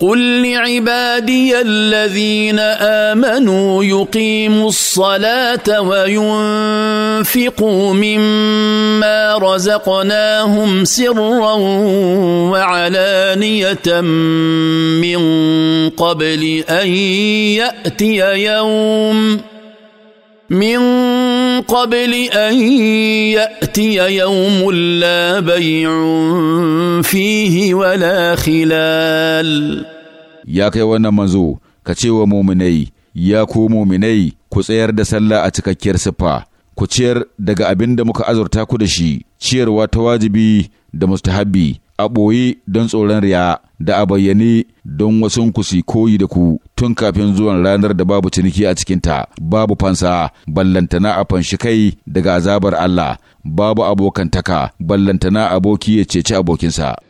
قل لعبادي الذين امنوا يقيموا الصلاه وينفقوا مما رزقناهم سرا وعلانيه من قبل ان ياتي يوم من قبل أن يأتي يوم لا بيع فيه ولا خلال يا كيوانا منزو كتشيوا مؤمني يا كو مؤمني كسير دسالة سلا أتككير سبا ku ciyar daga abin da muka azurta ku da shi, a ɓoye don tsoron riya da a bayyane don wasu ku koyi da ku tun kafin zuwan ranar da babu ciniki a cikinta babu fansa ballantana a fanshi kai daga azabar Allah babu abokantaka ballantana aboki ya ceci abokinsa.